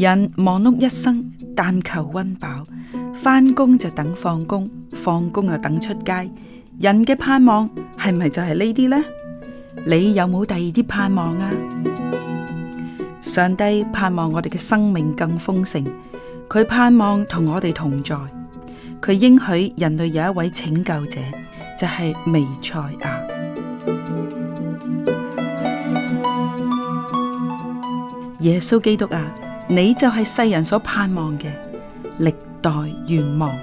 人忙碌一生，但求溫飽，翻工就等放工，放工又等出街。人嘅盼望係咪就係呢啲呢？你有冇第二啲盼望啊？上帝盼望我哋嘅生命更豐盛，佢盼望同我哋同在，佢應許人類有一位拯救者，就係彌賽亞，耶穌基督啊！你就係世人所盼望嘅歷代願望。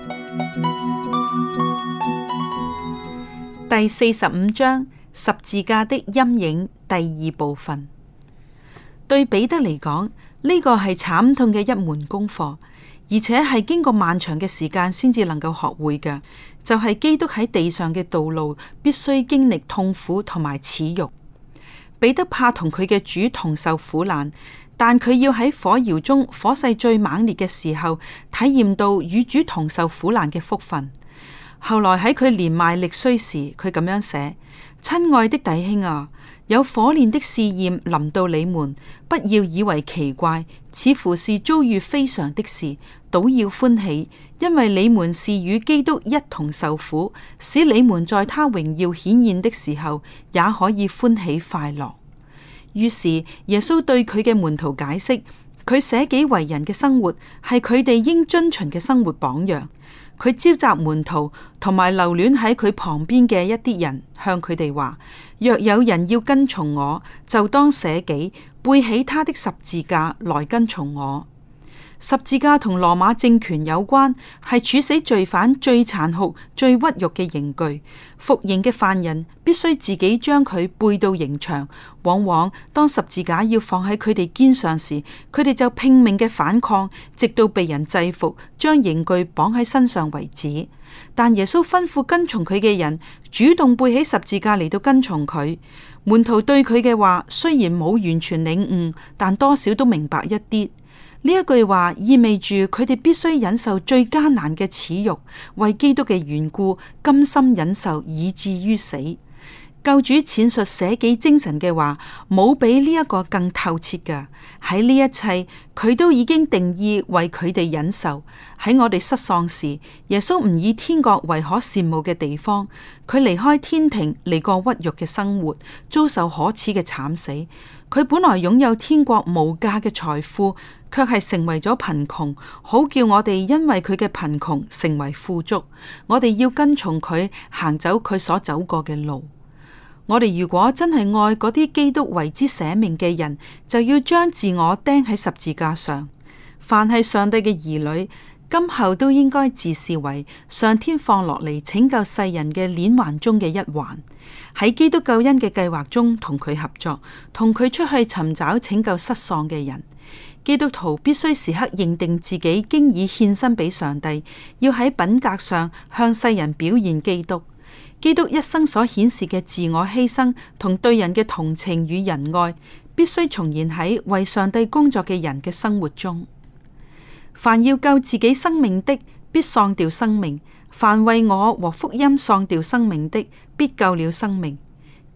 第四十五章十字架的陰影第二部分，對彼得嚟講，呢個係慘痛嘅一門功課，而且係經過漫長嘅時間先至能夠學會嘅，就係基督喺地上嘅道路必須經歷痛苦同埋恥辱。彼得怕同佢嘅主同受苦難，但佢要喺火窯中火勢最猛烈嘅時候，體驗到與主同受苦難嘅福分。後來喺佢年邁力衰時，佢咁樣寫：親愛的弟兄啊！有火煉的試驗臨到你們，不要以為奇怪，似乎是遭遇非常的事。倒要歡喜，因為你們是與基督一同受苦，使你們在他榮耀顯現的時候，也可以歡喜快樂。於是耶穌對佢嘅門徒解釋，佢捨己為人嘅生活係佢哋應遵循嘅生活榜樣。佢召集門徒同埋留戀喺佢旁邊嘅一啲人，向佢哋話：若有人要跟從我，就當捨己，背起他的十字架來跟從我。十字架同羅馬政權有關，係處死罪犯最殘酷、最屈辱嘅刑具。服刑嘅犯人必須自己將佢背到刑場。往往當十字架要放喺佢哋肩上時，佢哋就拼命嘅反抗，直到被人制服，將刑具綁喺身上為止。但耶穌吩咐跟從佢嘅人主動背起十字架嚟到跟從佢。門徒對佢嘅話雖然冇完全領悟，但多少都明白一啲。呢一句話意味住佢哋必須忍受最艱難嘅恥辱，為基督嘅緣故甘心忍受，以至於死。救主闡述捨己精神嘅話，冇比呢一個更透徹㗎。喺呢一切，佢都已經定義為佢哋忍受。喺我哋失喪時，耶穌唔以天國為可羨慕嘅地方，佢離開天庭嚟過屈辱嘅生活，遭受可恥嘅慘死。佢本來擁有天國無價嘅財富，卻係成為咗貧窮，好叫我哋因為佢嘅貧窮成為富足。我哋要跟從佢，行走佢所走過嘅路。我哋如果真係愛嗰啲基督為之捨命嘅人，就要將自我釘喺十字架上。凡係上帝嘅兒女，今後都應該自視為上天放落嚟拯救世人嘅鏈環中嘅一環，喺基督救恩嘅計劃中同佢合作，同佢出去尋找拯救失喪嘅人。基督徒必須時刻認定自己經已獻身俾上帝，要喺品格上向世人表現基督。基督一生所顯示嘅自我犧牲同對人嘅同情與仁愛，必須重現喺為上帝工作嘅人嘅生活中。凡要救自己生命的，必喪掉生命；凡為我和福音喪掉生命的，必救了生命。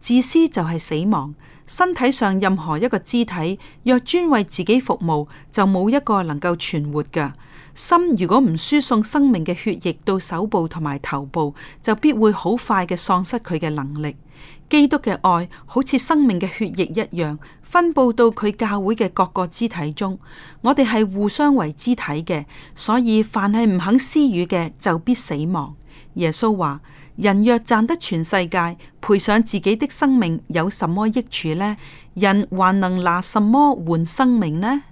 自私就係死亡。身體上任何一個肢體若專為自己服務，就冇一個能夠存活㗎。心如果唔輸送生命嘅血液到手部同埋頭部，就必會好快嘅喪失佢嘅能力。基督嘅愛好似生命嘅血液一樣，分布到佢教會嘅各個肢體中。我哋係互相為肢體嘅，所以凡係唔肯施予嘅，就必死亡。耶穌話：人若賺得全世界，賠上自己的生命，有什麼益處呢？人還能拿什麼換生命呢？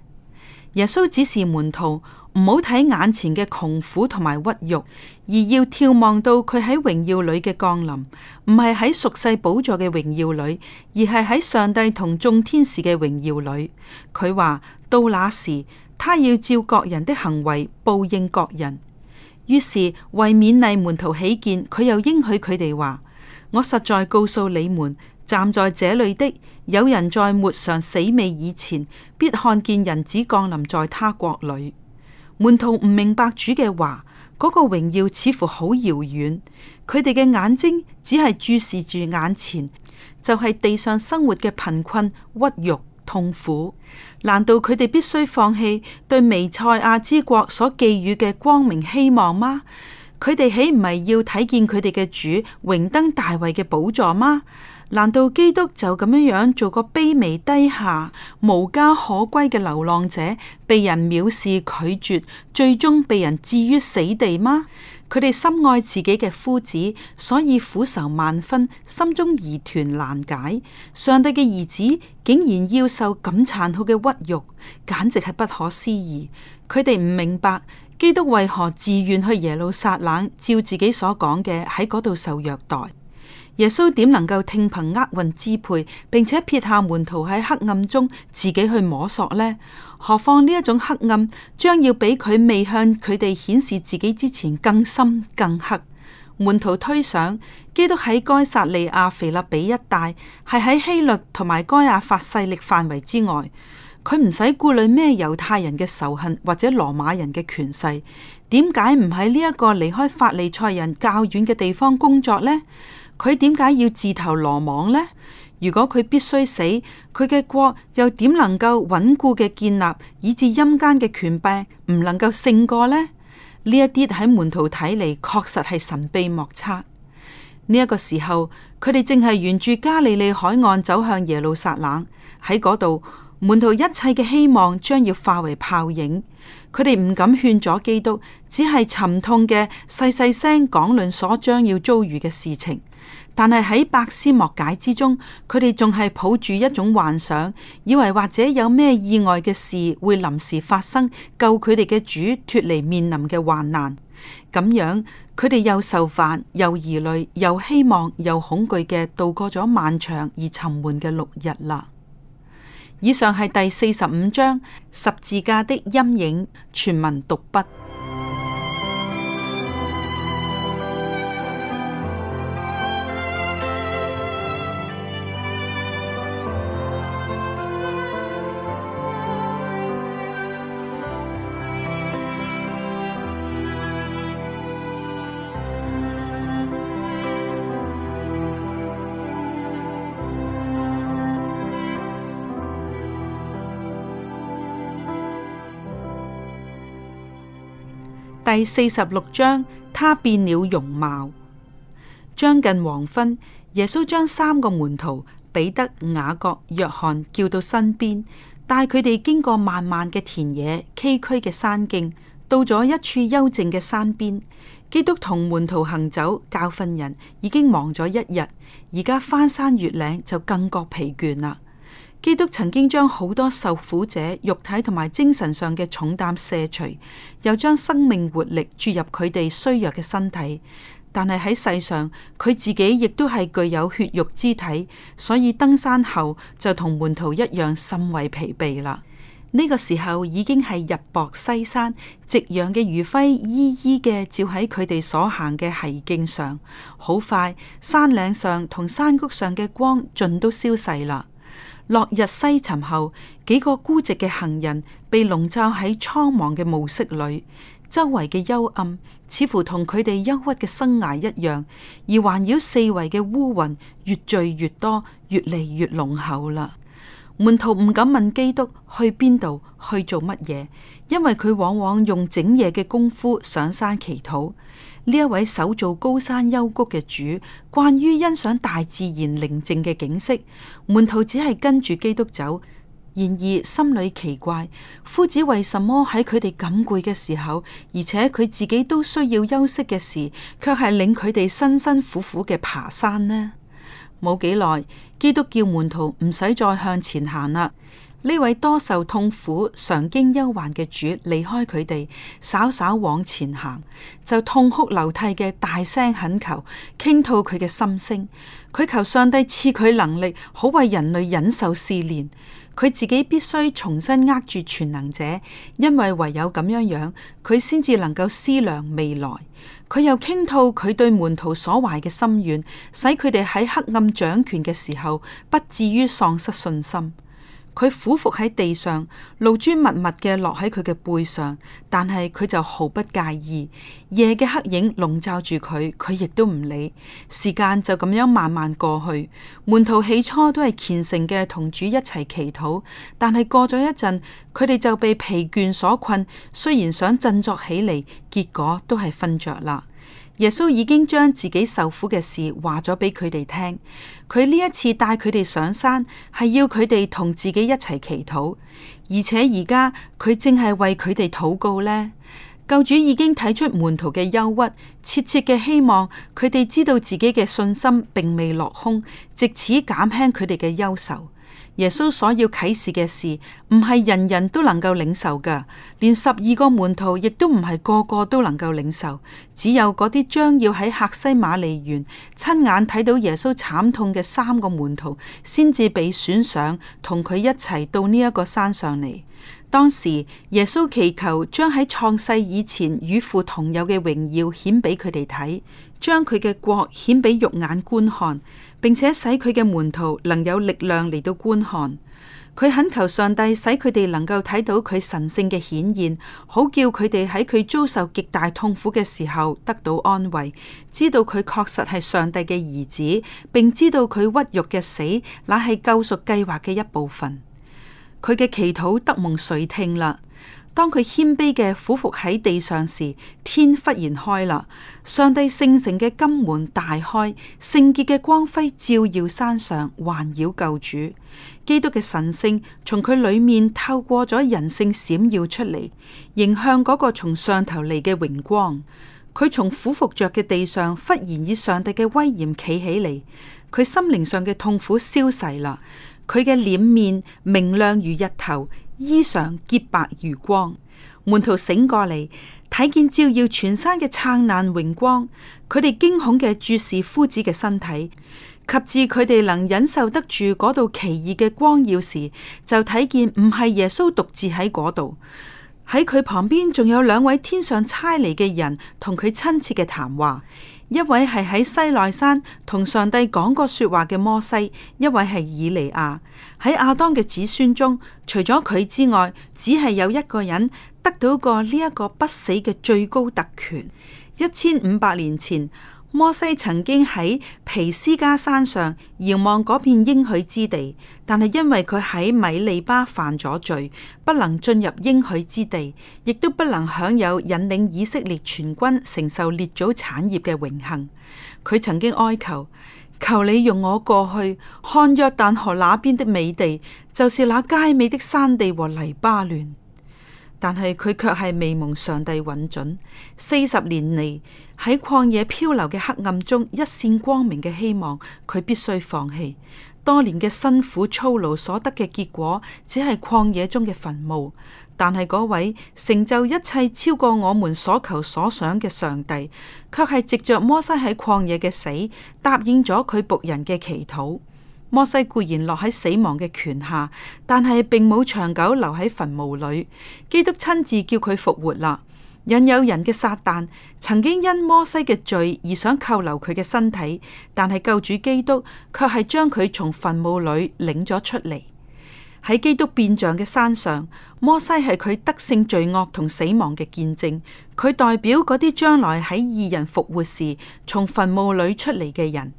耶穌指示門徒。唔好睇眼前嘅窮苦同埋屈辱，而要眺望到佢喺榮耀裏嘅降臨。唔係喺俗世寶座嘅榮耀裏，而係喺上帝同眾天使嘅榮耀裏。佢話到那時，他要照各人的行為報應各人。於是為勉勵門徒起見，佢又應許佢哋話：我實在告訴你們，站在這裏的有人在沒嘗死味以前，必看見人子降臨在他國裏。門徒唔明白主嘅話，嗰個榮耀似乎好遙遠。佢哋嘅眼睛只係注視住眼前，就係地上生活嘅貧困、屈辱、痛苦。難道佢哋必須放棄對微賽亞之國所寄予嘅光明希望嗎？佢哋豈唔係要睇見佢哋嘅主榮登大衛嘅寶座嗎？難道基督就咁樣做個卑微低下、無家可歸嘅流浪者，被人藐視、拒絕，最終被人置於死地嗎？佢哋深愛自己嘅夫子，所以苦愁萬分，心中疑團難解。上帝嘅兒子竟然要受咁殘酷嘅屈辱，簡直係不可思議。佢哋唔明白基督為何自願去耶路撒冷，照自己所講嘅喺嗰度受虐待。耶穌點能夠聽憑厄運支配，並且撇下門徒喺黑暗中自己去摸索呢？何況呢一種黑暗將要比佢未向佢哋顯示自己之前更深更黑。門徒推想，基督喺該撒利亞腓立比一帶，係喺希律同埋該亞法勢力範圍之外，佢唔使顧慮咩猶太人嘅仇恨或者羅馬人嘅權勢。點解唔喺呢一個離開法利賽人較遠嘅地方工作呢？佢點解要自投羅網呢？如果佢必須死，佢嘅國又點能夠穩固嘅建立，以至陰間嘅權柄唔能夠勝過呢？呢一啲喺門徒睇嚟，確實係神秘莫測。呢一個時候，佢哋正係沿住加利利海岸走向耶路撒冷，喺嗰度，門徒一切嘅希望將要化為泡影。佢哋唔敢勸阻基督，只係沉痛嘅細細聲講論所將要遭遇嘅事情。但係喺百思莫解之中，佢哋仲係抱住一種幻想，以為或者有咩意外嘅事會臨時發生，救佢哋嘅主脫離面臨嘅患難。咁樣，佢哋又受煩，又疑慮，又希望，又恐懼嘅度過咗漫長而沉悶嘅六日啦。以上係第四十五章十字架的陰影全文讀畢。第四十六章，他變了容貌。將近黃昏，耶穌將三個門徒彼得、雅各、約翰叫到身邊，帶佢哋經過漫漫嘅田野，崎嶇嘅山徑，到咗一處幽靜嘅山邊。基督同門徒行走教訓人，已經忙咗一日，而家翻山越嶺就更覺疲倦啦。基督曾經將好多受苦者肉體同埋精神上嘅重擔卸除，又將生命活力注入佢哋衰弱嘅身體。但係喺世上，佢自己亦都係具有血肉之體，所以登山後就同門徒一樣甚為疲憊啦。呢個時候已經係日薄西山，夕陽嘅餘暉依依嘅照喺佢哋所行嘅溪徑上。好快，山嶺上同山谷上嘅光盡都消逝啦。落日西沉後，幾個孤寂嘅行人被籠罩喺蒼茫嘅暮色裏，周圍嘅幽暗似乎同佢哋憂鬱嘅生涯一樣，而環繞四圍嘅烏雲越聚越多，越嚟越濃厚啦。門徒唔敢問基督去邊度，去做乜嘢，因為佢往往用整夜嘅功夫上山祈禱。呢一位手造高山幽谷嘅主，慣於欣賞大自然寧靜嘅景色，門徒只係跟住基督走，然而心裏奇怪，夫子為什麼喺佢哋咁攰嘅時候，而且佢自己都需要休息嘅時，却係令佢哋辛辛苦苦嘅爬山呢？冇幾耐，基督叫門徒唔使再向前行啦。呢位多受痛苦、常經憂患嘅主離開佢哋，稍稍往前行，就痛哭流涕嘅大聲懇求，傾吐佢嘅心聲。佢求上帝賜佢能力，好為人類忍受試煉。佢自己必須重新握住全能者，因為唯有咁樣樣，佢先至能夠思量未來。佢又傾吐佢對門徒所懷嘅心願，使佢哋喺黑暗掌權嘅時候，不至於喪失信心。佢俯伏喺地上，露珠密密嘅落喺佢嘅背上，但係佢就毫不介意。夜嘅黑影籠罩住佢，佢亦都唔理。時間就咁樣慢慢過去。門徒起初都係虔誠嘅同主一齊祈禱，但係過咗一陣，佢哋就被疲倦所困。雖然想振作起嚟，結果都係瞓着啦。耶穌已經將自己受苦嘅事話咗俾佢哋聽，佢呢一次帶佢哋上山係要佢哋同自己一齊祈禱，而且而家佢正係為佢哋禱告呢。救主已經睇出門徒嘅憂鬱，切切嘅希望佢哋知道自己嘅信心並未落空，借此減輕佢哋嘅憂愁。耶穌所要啟示嘅事，唔係人人都能夠領受噶，連十二個門徒亦都唔係個個都能夠領受，只有嗰啲將要喺客西馬尼園親眼睇到耶穌慘痛嘅三個門徒，先至被選上同佢一齊到呢一個山上嚟。當時耶穌祈求將喺創世以前與父同有嘅榮耀顯俾佢哋睇，將佢嘅國顯俾肉眼觀看，並且使佢嘅門徒能有力量嚟到觀看。佢懇求上帝使佢哋能夠睇到佢神聖嘅顯現，好叫佢哋喺佢遭受極大痛苦嘅時候得到安慰，知道佢確實係上帝嘅兒子，並知道佢屈辱嘅死乃係救贖計劃嘅一部分。佢嘅祈禱得蒙垂聽啦。當佢謙卑嘅俯伏喺地上時，天忽然開啦。上帝聖城嘅金門大開，聖潔嘅光輝照耀山上，環繞救主。基督嘅神性從佢裏面透過咗人性閃耀出嚟，迎向嗰個從上頭嚟嘅榮光。佢從俯伏着嘅地上忽然以上帝嘅威嚴企起嚟，佢心靈上嘅痛苦消逝啦。佢嘅臉面明亮如日頭，衣裳潔白如光。門徒醒過嚟，睇見照耀全山嘅燦爛榮、榮光，佢哋驚恐嘅注視夫子嘅身體。及至佢哋能忍受得住嗰度奇異嘅光耀時，就睇見唔係耶穌獨自喺嗰度，喺佢旁邊仲有兩位天上差嚟嘅人同佢親切嘅談話。一位係喺西奈山同上帝講過說話嘅摩西，一位係以利亞。喺亞當嘅子孫中，除咗佢之外，只係有一個人得到過呢一個不死嘅最高特權。一千五百年前。摩西曾經喺皮斯加山上遙望嗰片應許之地，但係因為佢喺米利巴犯咗罪，不能進入應許之地，亦都不能享有引領以色列全軍承受列祖產業嘅榮幸。佢曾經哀求：求你容我過去看約旦河那邊的美地，就是那佳美的山地和黎巴嫩。但係佢卻係未蒙上帝允准。四十年嚟，喺曠野漂流嘅黑暗中，一線光明嘅希望，佢必須放棄。多年嘅辛苦操勞所得嘅結果，只係曠野中嘅墳墓。但係嗰位成就一切超過我們所求所想嘅上帝，卻係藉着摩西喺曠野嘅死，答應咗佢僕人嘅祈禱。摩西固然落喺死亡嘅權下，但係並冇長久留喺墳墓裏。基督親自叫佢復活啦。引誘人嘅撒旦曾經因摩西嘅罪而想扣留佢嘅身體，但係救主基督卻係將佢從墳墓裏領咗出嚟。喺基督變像嘅山上，摩西係佢得勝罪惡同死亡嘅見證，佢代表嗰啲將來喺義人復活時從墳墓裏出嚟嘅人；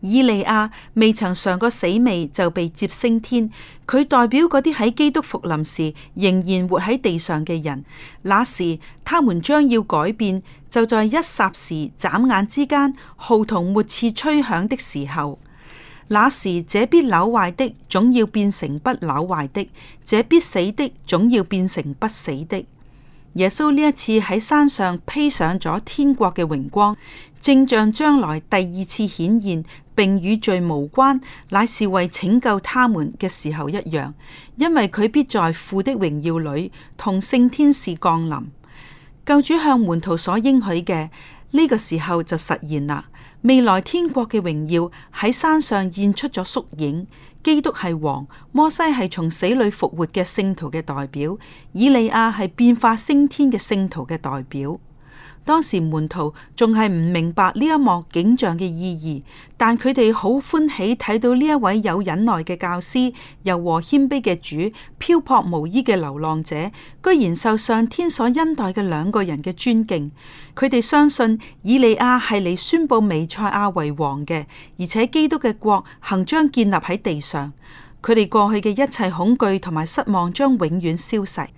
以利亞未曾嘗過死味就被接升天，佢代表嗰啲喺基督復臨時仍然活喺地上嘅人。那時，他們將要改變，就在一霎時，眨眼之間，號筒末次吹響的時候。那時，這必朽壞的，總要變成不朽壞的；這必死的，總要變成不死的。耶穌呢一次喺山上披上咗天國嘅榮光，正像將來第二次顯現，並與罪無關，乃是為拯救他們嘅時候一樣，因為佢必在父的榮耀裏同聖天使降臨。救主向門徒所應許嘅呢個時候就實現啦。未來天國嘅榮耀喺山上現出咗縮影，基督係王，摩西係從死裏復活嘅聖徒嘅代表，以利亞係變化升天嘅聖徒嘅代表。當時門徒仲係唔明白呢一幕景象嘅意義，但佢哋好歡喜睇到呢一位有忍耐嘅教師，柔和謙卑嘅主，漂泊無依嘅流浪者，居然受上天所恩待嘅兩個人嘅尊敬。佢哋相信以利亞係嚟宣布彌賽亞為王嘅，而且基督嘅國行將建立喺地上。佢哋過去嘅一切恐懼同埋失望將永遠消逝。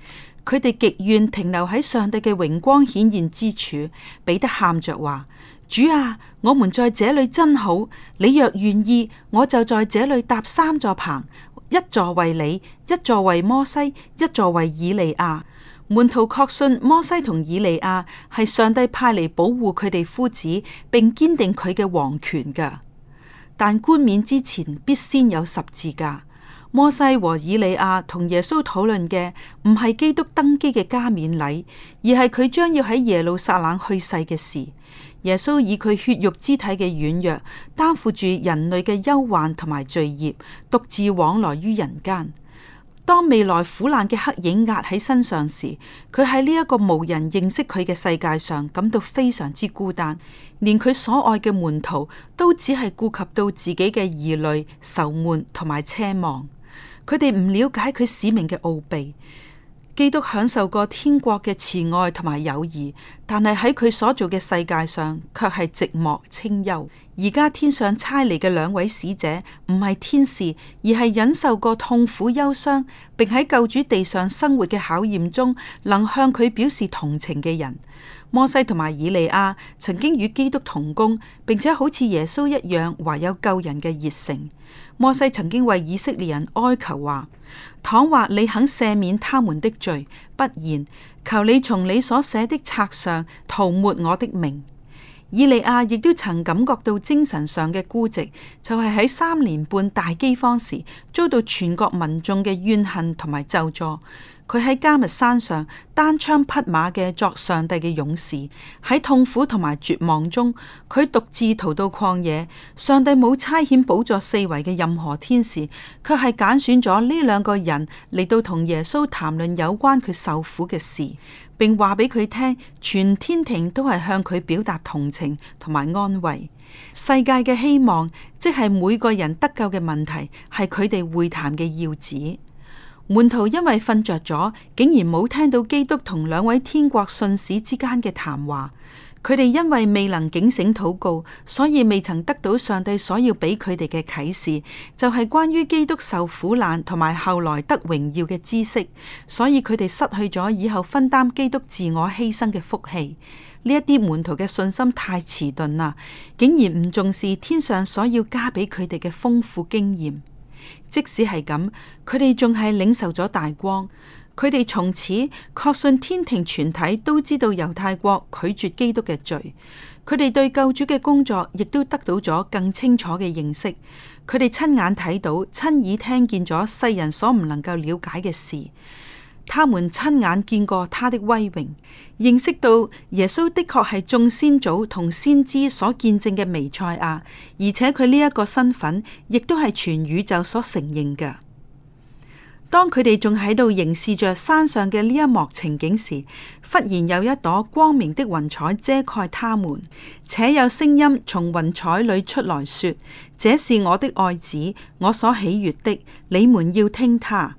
佢哋極願停留喺上帝嘅榮光顯現之處。彼得喊着話：主啊，我們在這裏真好。你若願意，我就在這裏搭三座棚，一座為你，一座為摩西，一座為以利亞。門徒確信摩西同以利亞係上帝派嚟保護佢哋夫子，並堅定佢嘅皇權噶。但冠冕之前，必先有十字架。摩西和以利亞同耶穌討論嘅唔係基督登基嘅加冕禮，而係佢將要喺耶路撒冷去世嘅事。耶穌以佢血肉之體嘅軟弱，擔負住人類嘅憂患同埋罪孽，獨自往來於人間。當未來苦難嘅黑影壓喺身上時，佢喺呢一個無人認識佢嘅世界上，感到非常之孤單。連佢所愛嘅門徒都只係顧及到自己嘅疑慮、愁悶同埋奢望。佢哋唔了解佢使命嘅奧秘，基督享受過天國嘅慈愛同埋友誼，但係喺佢所做嘅世界上，卻係寂寞清幽。而家天上差嚟嘅兩位使者，唔係天使，而係忍受過痛苦憂傷，並喺救主地上生活嘅考驗中，能向佢表示同情嘅人。摩西同埋以利亞，曾經與基督同工，並且好似耶穌一樣，懷有救人嘅熱誠。摩西曾經為以色列人哀求話：倘若你肯赦免他們的罪，不然，求你從你所寫的冊上塗抹我的名。以利亞亦都曾感覺到精神上嘅孤寂，就係喺三年半大饑荒時，遭到全國民眾嘅怨恨、同埋咒詛。佢喺迦密山上單槍匹馬嘅作上帝嘅勇士，喺痛苦同埋絕望中，佢獨自逃到曠野。上帝冇差遣寶座四圍嘅任何天使，卻係揀選咗呢兩個人嚟到同耶穌談論有關佢受苦嘅事，並話俾佢聽，全天庭都係向佢表達同情同埋安慰。世界嘅希望，即係每個人得救嘅問題，係佢哋會談嘅要旨。門徒因為瞓着咗，竟然冇聽到基督同兩位天國信使之間嘅談話。佢哋因為未能警醒禱告，所以未曾得到上帝所要俾佢哋嘅啟示，就係關於基督受苦難同埋後來得榮耀嘅知識。所以佢哋失去咗以後分擔基督自我犧牲嘅福氣。呢一啲門徒嘅信心太遲鈍啦，竟然唔重視天上所要加俾佢哋嘅豐富經驗。即使係咁，佢哋仲係領受咗大光，佢哋從此確信天庭全體都知道猶太國拒絕基督嘅罪，佢哋對救主嘅工作亦都得到咗更清楚嘅認識，佢哋親眼睇到，親耳聽見咗世人所唔能夠了解嘅事。他們親眼見過他的威榮，認識到耶穌的確係眾先祖同先知所見證嘅彌賽亞，而且佢呢一個身份亦都係全宇宙所承認嘅。當佢哋仲喺度凝視着山上嘅呢一幕情景時，忽然有一朵光明的雲彩遮蓋他們，且有聲音從雲彩裏出來說：這是我的愛子，我所喜悦的，你們要聽他。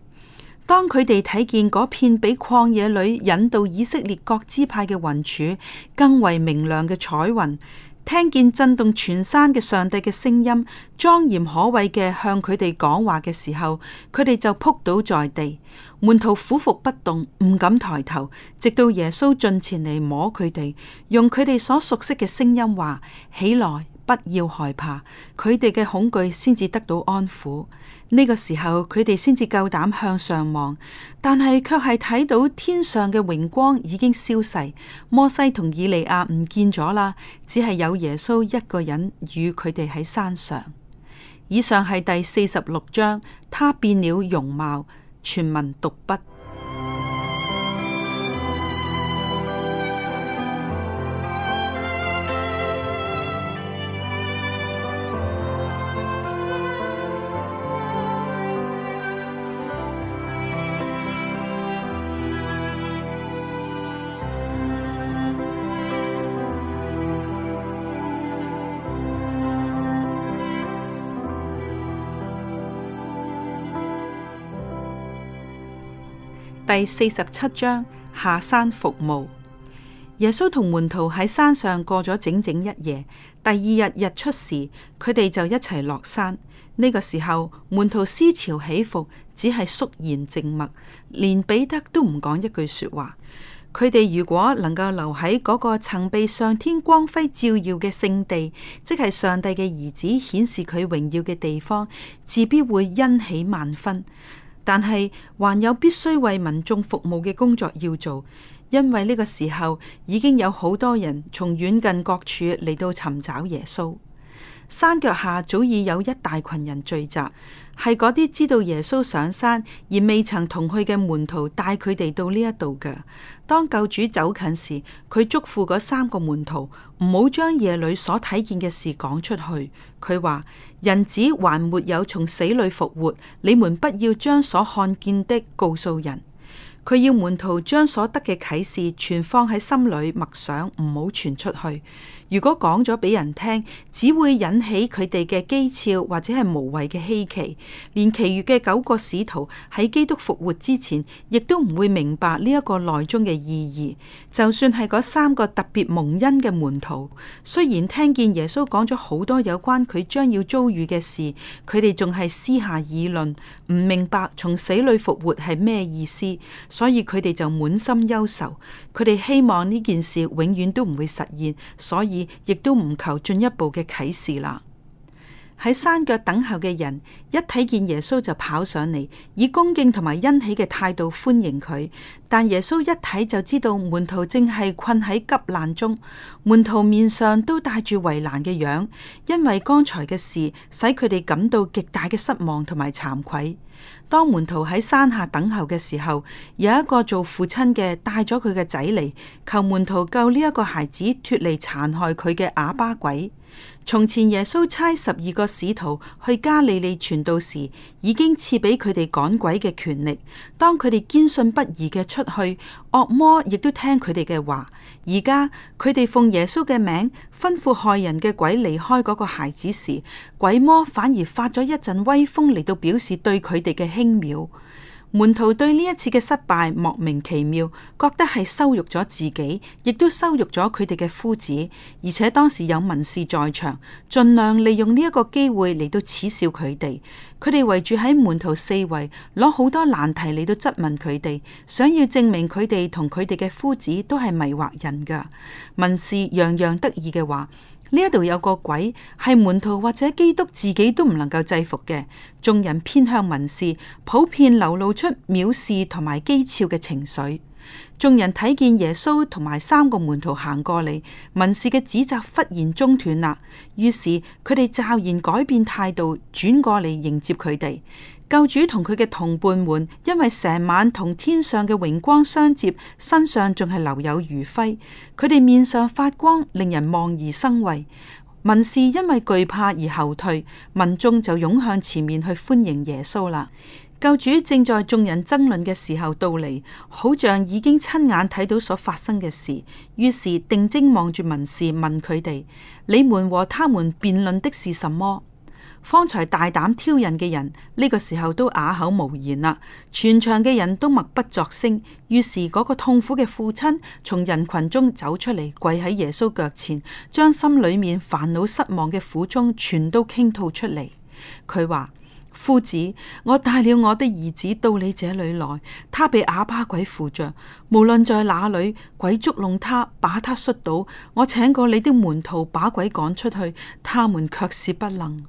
當佢哋睇見嗰片比曠野裏引導以色列各支派嘅雲柱更為明亮嘅彩雲，聽見震動全山嘅上帝嘅聲音，莊嚴可畏嘅向佢哋講話嘅時候，佢哋就撲倒在地，門徒苦伏，不動，唔敢抬頭，直到耶穌進前嚟摸佢哋，用佢哋所熟悉嘅聲音話：起來，不要害怕。佢哋嘅恐懼先至得到安撫。呢個時候，佢哋先至夠膽向上望，但係卻係睇到天上嘅榮光已經消逝，摩西同以利亞唔見咗啦，只係有耶穌一個人與佢哋喺山上。以上係第四十六章，他變了容貌，全文讀畢。第四十七章，下山服務。耶穌同門徒喺山上過咗整整一夜，第二日日出時，佢哋就一齊落山。呢、這個時候，門徒思潮起伏，只係肅然靜默，連彼得都唔講一句說話。佢哋如果能夠留喺嗰個曾被上天光輝照耀嘅聖地，即係上帝嘅兒子顯示佢榮耀嘅地方，自必會欣喜萬分。但係，還有必須為民眾服務嘅工作要做，因為呢個時候已經有好多人從遠近各處嚟到尋找耶穌。山腳下早已有一大群人聚集。係嗰啲知道耶穌上山而未曾同去嘅門徒帶佢哋到呢一度嘅。當救主走近時，佢囑咐嗰三個門徒唔好將夜裏所睇見嘅事講出去。佢話：人子還沒有從死裏復活，你們不要將所看見的告訴人。佢要門徒將所得嘅啟示全放喺心裏默想，唔好傳出去。如果講咗俾人聽，只會引起佢哋嘅譏笑，或者係無謂嘅稀奇。連其餘嘅九個使徒喺基督復活之前，亦都唔會明白呢一個內中嘅意義。就算係嗰三個特別蒙恩嘅門徒，雖然聽見耶穌講咗好多有關佢將要遭遇嘅事，佢哋仲係私下議論，唔明白從死裏復活係咩意思。所以佢哋就滿心憂愁，佢哋希望呢件事永遠都唔會實現，所以亦都唔求進一步嘅啟示啦。喺山腳等候嘅人一睇見耶穌就跑上嚟，以恭敬同埋欣喜嘅態度歡迎佢。但耶穌一睇就知道門徒正係困喺急難中，門徒面上都帶住為難嘅樣，因為剛才嘅事使佢哋感到極大嘅失望同埋慚愧。當門徒喺山下等候嘅時候，有一個做父親嘅帶咗佢嘅仔嚟，求門徒救呢一個孩子脫離殘害佢嘅啞巴鬼。從前耶穌差十二個使徒去加利利傳道時，已經賜俾佢哋趕鬼嘅權力。當佢哋堅信不疑嘅出去，惡魔亦都聽佢哋嘅話。而家佢哋奉耶穌嘅名吩咐害人嘅鬼離開嗰個孩子時，鬼魔反而發咗一陣威風嚟到表示對佢哋嘅輕蔑。門徒對呢一次嘅失敗莫名其妙，覺得係羞辱咗自己，亦都羞辱咗佢哋嘅夫子。而且當時有文士在場，盡量利用呢一個機會嚟到恥笑佢哋。佢哋圍住喺門徒四圍，攞好多難題嚟到質問佢哋，想要證明佢哋同佢哋嘅夫子都係迷惑人噶。文士洋洋得意嘅話。呢一度有個鬼係門徒或者基督自己都唔能夠制服嘅。眾人偏向文士，普遍流露出藐視同埋譏誚嘅情緒。眾人睇見耶穌同埋三個門徒行過嚟，文士嘅指責忽然中斷啦，於是佢哋驟然改變態度，轉過嚟迎接佢哋。救主同佢嘅同伴們，因為成晚同天上嘅榮光相接，身上仲係留有餘暉，佢哋面上發光，令人望而生畏。文士因為懼怕而後退，民眾就湧向前面去歡迎耶穌啦。救主正在眾人爭論嘅時候到嚟，好像已經親眼睇到所發生嘅事，於是定睛望住文士，問佢哋，你們和他們辯論的是什麼？方才大膽挑釁嘅人呢，這個時候都啞口無言啦。全場嘅人都默不作聲。於是嗰個痛苦嘅父親從人群中走出嚟，跪喺耶穌腳前，將心裏面煩惱、失望嘅苦衷全都傾吐出嚟。佢話：「夫子，我帶了我的兒子到你這裏來，他被啞巴鬼附着，無論在哪裏，鬼捉弄他，把他摔倒。我請過你的門徒把鬼趕出去，他們卻是不能。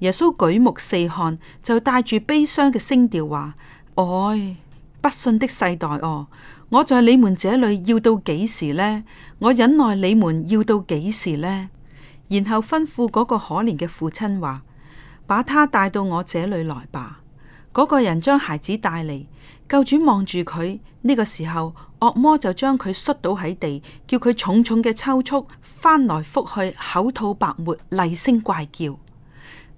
耶穌舉目四看，就帶住悲傷嘅聲調話：愛、哎、不信的世代哦，我在你們這裏要到幾時呢？我忍耐你們要到幾時呢？然後吩咐嗰個可憐嘅父親話：把他帶到我這裏來吧。嗰、那個人將孩子帶嚟，救主望住佢，呢個時候，惡魔就將佢摔倒喺地，叫佢重重嘅抽搐，翻來覆去，口吐白沫，厲聲怪叫。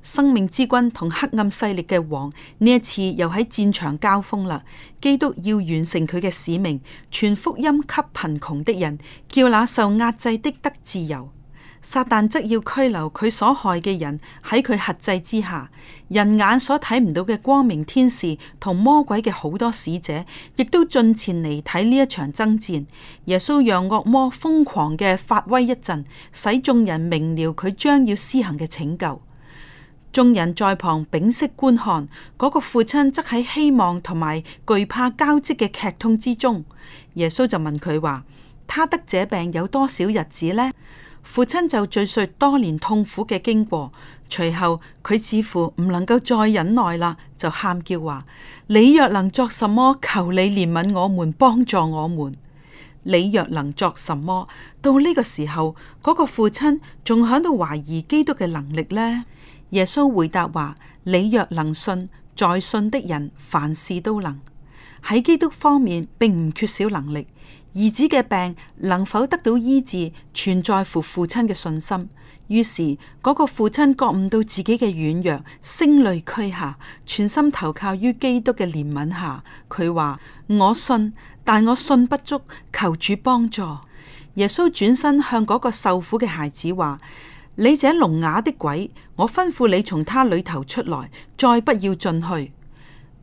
生命之君同黑暗勢力嘅王呢一次又喺戰場交鋒啦。基督要完成佢嘅使命，傳福音給貧窮的人，叫那受壓制的得自由。撒旦則要拘留佢所害嘅人喺佢轄制之下。人眼所睇唔到嘅光明天使同魔鬼嘅好多使者，亦都進前嚟睇呢一場爭戰。耶穌讓惡魔瘋狂嘅發威一陣，使眾人明了佢將要施行嘅拯救。眾人在旁屏息觀看，嗰個父親則喺希望同埋懼怕交織嘅劇痛之中。耶穌就問佢話：「他得這病有多少日子呢？」父親就敘述多年痛苦嘅經過。隨後佢似乎唔能夠再忍耐啦，就喊叫話：「你若能作什麼，求你憐憫我們，幫助我們。」你若能作什麼？到呢個時候，嗰個父親仲響度懷疑基督嘅能力呢？耶穌回答話：你若能信，在信的人凡事都能。喺基督方面，並唔缺少能力。兒子嘅病能否得到醫治，全在乎父親嘅信心。於是，嗰個父親覺悟到自己嘅軟弱，聲淚俱下，全心投靠於基督嘅憐憫下。佢話：我信，但我信不足，求主幫助。耶穌轉身向嗰個受苦嘅孩子話。你這聾啞的鬼，我吩咐你從他裏頭出來，再不要進去。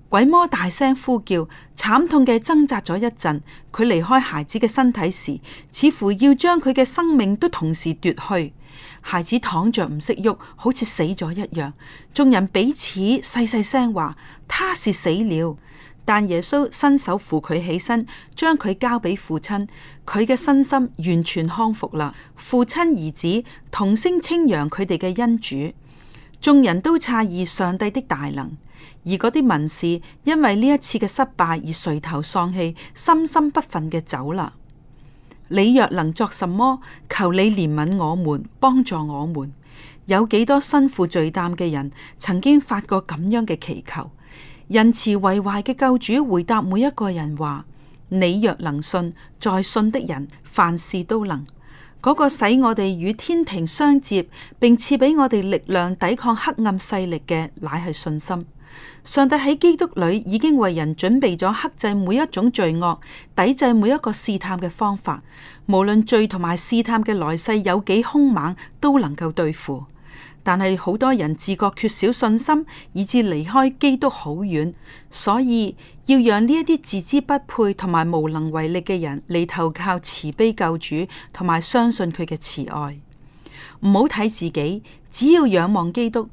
鬼魔大聲呼叫，慘痛嘅掙扎咗一陣，佢離開孩子嘅身體時，似乎要將佢嘅生命都同時奪去。孩子躺着唔識喐，好似死咗一樣。眾人彼此細細聲話，他是死了。但耶穌伸手扶佢起身，將佢交俾父親，佢嘅身心完全康復啦。父親、兒子同聲稱揚佢哋嘅恩主，眾人都詫異上帝的大能。而嗰啲文士因為呢一次嘅失敗而垂頭喪氣，心心不忿嘅走啦。你若能作什麼，求你憐憫我們，幫助我們。有幾多身負罪擔嘅人曾經發過咁樣嘅祈求？仁慈為懷嘅救主回答每一個人話：你若能信，在信的人凡事都能。嗰、那個使我哋與天庭相接，並賜俾我哋力量抵抗黑暗勢力嘅，乃係信心。上帝喺基督裏已經為人準備咗克制每一種罪惡、抵制每一個試探嘅方法，無論罪同埋試探嘅來勢有幾凶猛，都能夠對付。但係好多人自覺缺少信心，以至離開基督好遠。所以要讓呢一啲自知不配同埋無能為力嘅人嚟投靠慈悲救主，同埋相信佢嘅慈愛。唔好睇自己，只要仰望基督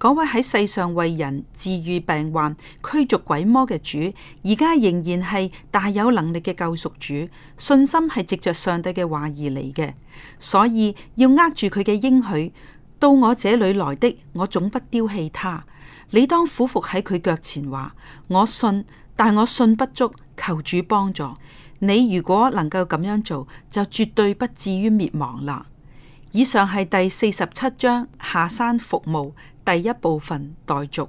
嗰位喺世上為人治愈病患、驅逐鬼魔嘅主，而家仍然係大有能力嘅救贖主。信心係藉着上帝嘅話而嚟嘅，所以要握住佢嘅應許。到我這裏來的，我總不丟棄他。你當俯伏喺佢腳前話：我信，但我信不足，求主幫助。你如果能夠咁樣做，就絕對不至於滅亡啦。以上係第四十七章下山服務，第一部分待續。